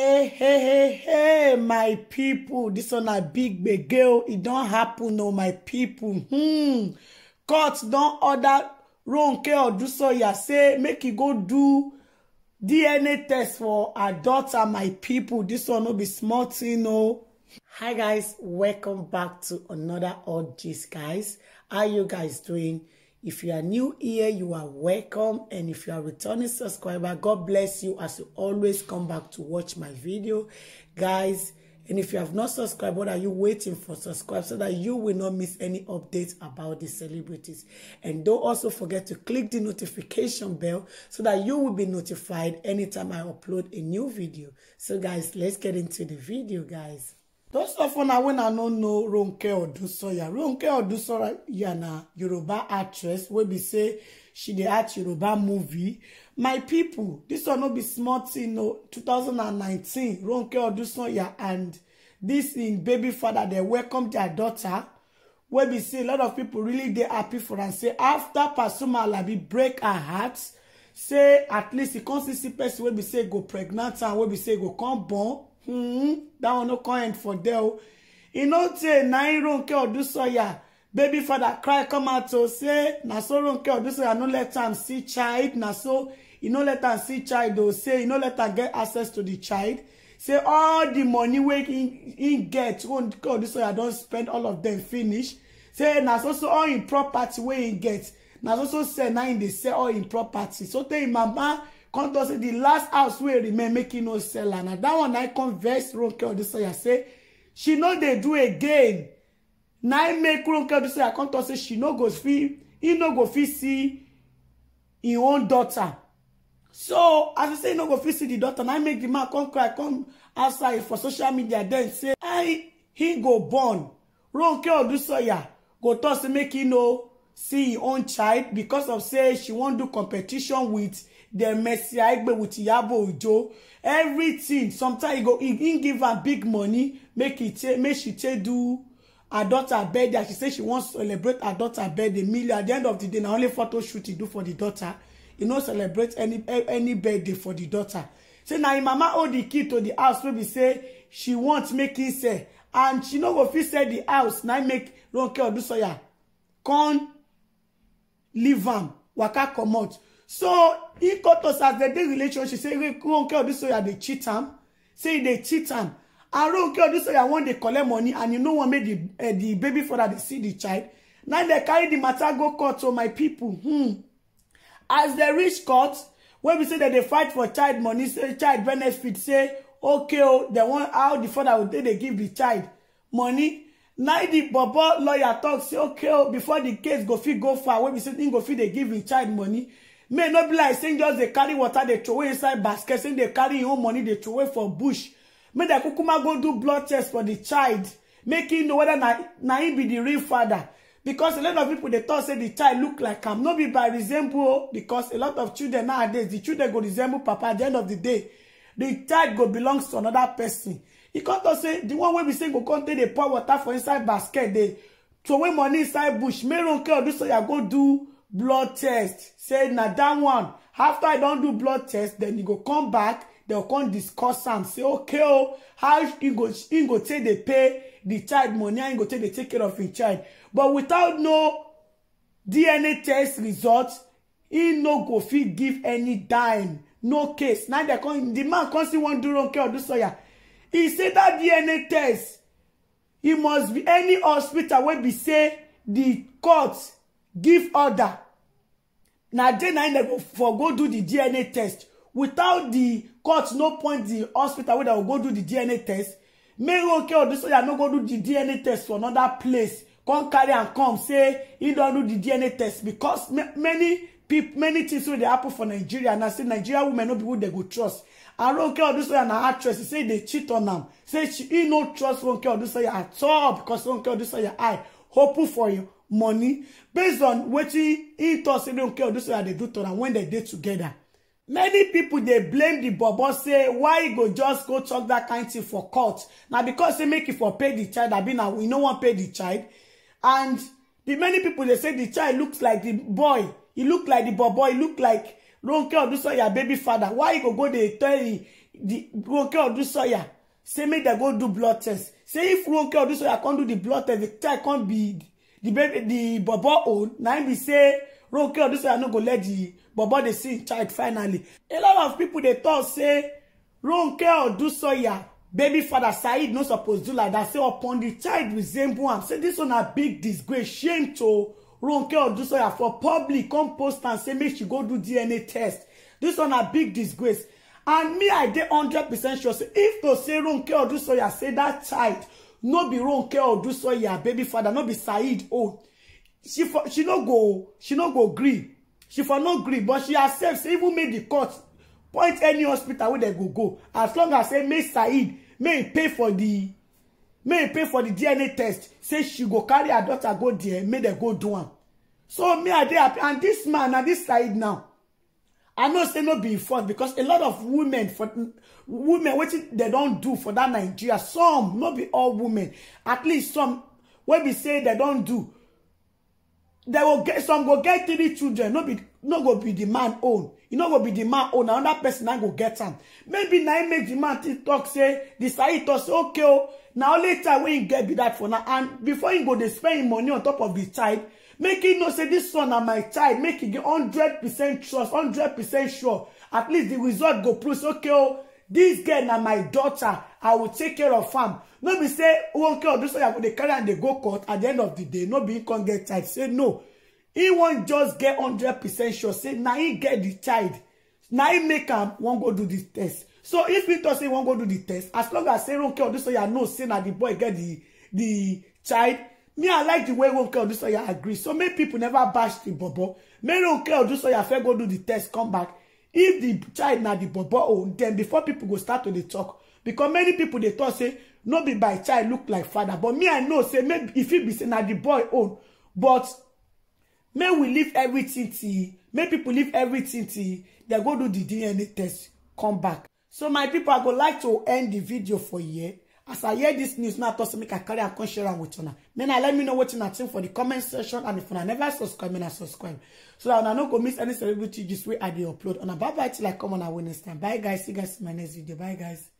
hey eh, eh, hey eh, hey hey my people. This one a big gbege o It don happen o my people. hmm court don order ronke odusoya say make e go do dna test for her daughter my people. This one no be small tin o hi guys welcome back to another all guys how you guys doing If you are new here, you are welcome. And if you are returning subscriber, God bless you as you always come back to watch my video. Guys, and if you have not subscribed, what are you waiting for? Subscribe so that you will not miss any updates about the celebrities. And don't also forget to click the notification bell so that you will be notified anytime I upload a new video. So guys, let's get into the video, guys those of una wey i no know ronke odusoya ronke odusoya na yoruba actress wey be say she dey act yoruba movie my pipo dis one no be small thing. o 2019 ronke odusoya and dis im baby father dey welcome dia daughter wey be say a lot of pipo really dey happy for am say afta pasuma alabi break her heart say at least e con see see person wey be say go pregnant am wey be say go come born Hmm, that one no come end for there o e no tey na im ronke odusoya baby father cry come out to say na so ronke odusoya no let him see child na so e no let him see child o say e no let him get access to the child say all the money wey he get ronke odusoya don spend all of them. finish say na so so all im property wey he get na so so sell na im dey sell all im property so tey im mama come to say the last house wey remain make e no sell am na that one na come vex ronke odisanya say she no dey do again na im make ronke odisanya come talk say she no go fit he no go fit see im e own daughter so as I say he no go fit see di daughter na im make the man come cry come outside for social media Then say i he go born ronke odisanya go talk say make e no see her own child because of say she wan do competition with dem Mercy aigbe with iyabo ojo everything sometimes e give am big money make make she take do her daughter birthday she say she wan celebrate her daughter birthday million at the end of the day na only photo shoot e do for the daughter e no celebrate any any birthday for the daughter say na im mama hold the key to the house wey be say she want make im sell and she no go fit sell the house na im make ronke odusoya come leave am waka comot so he e us as dem dey relationship say ronke odusoya dey cheat am say e dey cheat am and ronke odusoya wan dey collect money and e no wan make the baby father dey see the child Now they carry the matter go court to my people, hmm as they reach court wey be say dem dey fight for child money say child benefit say okay o oh, dem want how the father go dey give the child money Now the bobo lawyer talks say okay o oh, before the case go fit go far when we say him go fit they give him child money may not be like say just dey carry water they throw inside basket say dey carry him own money they throw for bush make dem kukuma go do blood tests for the child make him know whether na he be the real father because a lot of people they talk say the child look like him not be by resemble because a lot of children nowadays the children go resemble papa at di end of the day the child go belongs to another person He come to say the one wey be say go come take dey pour water for inside basket dey throway money inside bush May Mary-Ronke Odusoya go do blood test say na that one after i don do blood test then e go come back They dem come discuss am say okay o oh, how e go go take dey pay the child money and e go take dey take care of im child but without no dna test result he no go fit give any dime no case now. dem come the man come see one do soya. He say that DNA test He must be any hospital wey be say the court give order Now day na dem go for go do the DNA test without the court no point the hospital where they will go do the DNA test okay or do soya. no go do the DNA test to another place come carry and come say he don't do the DNA test because many many things will dey happen for nigeria and I say nigeria women no be who dem go trust and this way an actress say they cheat on them. say he no trust care this way at all because care this way I hopeful for him money based on wetin he He talk say this way they do to them when they dey together many people they blame the bobo say why e go just go talk that kind thing for court now because they make e for pay the child I mean now we no one pay the child and the many people they say the child looks like the boy He look like the bobo e look like ronke odusoya baby father why e go go dey tell di ronke odusoya say make dem go do blood test say if ronke odusoya come do the blood test The child come be the baby The bobo own na im be say ronke odusoya no go let di bobo dey see child finally a lot of people dey talk say ronke odusoya baby father saheed no suppose do like that. say upon the child resemble am say this one na big disgrace shame to ronke odusoya for public come post and say make she go do dna test This one a big disgrace and me i dey 100 percent sure say if to say ronke odusoya say that child no be ronke odusoya baby father no be Said. oh she for she no go she no go agree. she for no agree, but she herself say even make the court point any hospital where they go go as long as say make Said may pay for the may pay for the dna test say she go carry her daughter go there make they go do one. so me i dey happy and this man na this side now i know say no be fault because a lot of women for women what they don't do for that nigeria some not be all women at least some wey be say they don't do they will get some go get three children no be no go be the man own e no go be the man own another person na go get am maybe now im make the man talk say the sahi talk say okay Oh, now later when wey get be that for now and before im go dey spend money on top of the child make him know say this son are my child make him get hundred percent trust hundred percent sure at least the result go prove okay o This girl na my daughter i will take care of am no be say of this. go dey carry am dey go court at the end of the day no be him con get child say no he wan just get hundred percent sure say na he get the child na he make am wan go do the test so if he talk say he wan go do the test as long as say care of ronke odusoya know say na the boy get the the child me i like the way care of ronke odusoya agree so make people never bash the bobo make ronke odusoya fẹ go do the test come back if the child na the bobo own then before people go start to dey talk, because many people dey tok say no be by child look like father but me i know say maybe if e fit be say na the boy own but may we leave everything till may people leave everything till dem go do the dna test come back so my people, i go like to end the video for here as i hear this news now i tok say make i carry am come share am with una make na let me know wetin i think for the comment section and if una never subscribe make na subscribe so that una no go miss any celebrity gist wey i dey upload una bye bye till i come on our next bye guys see you guys in my next video bye guys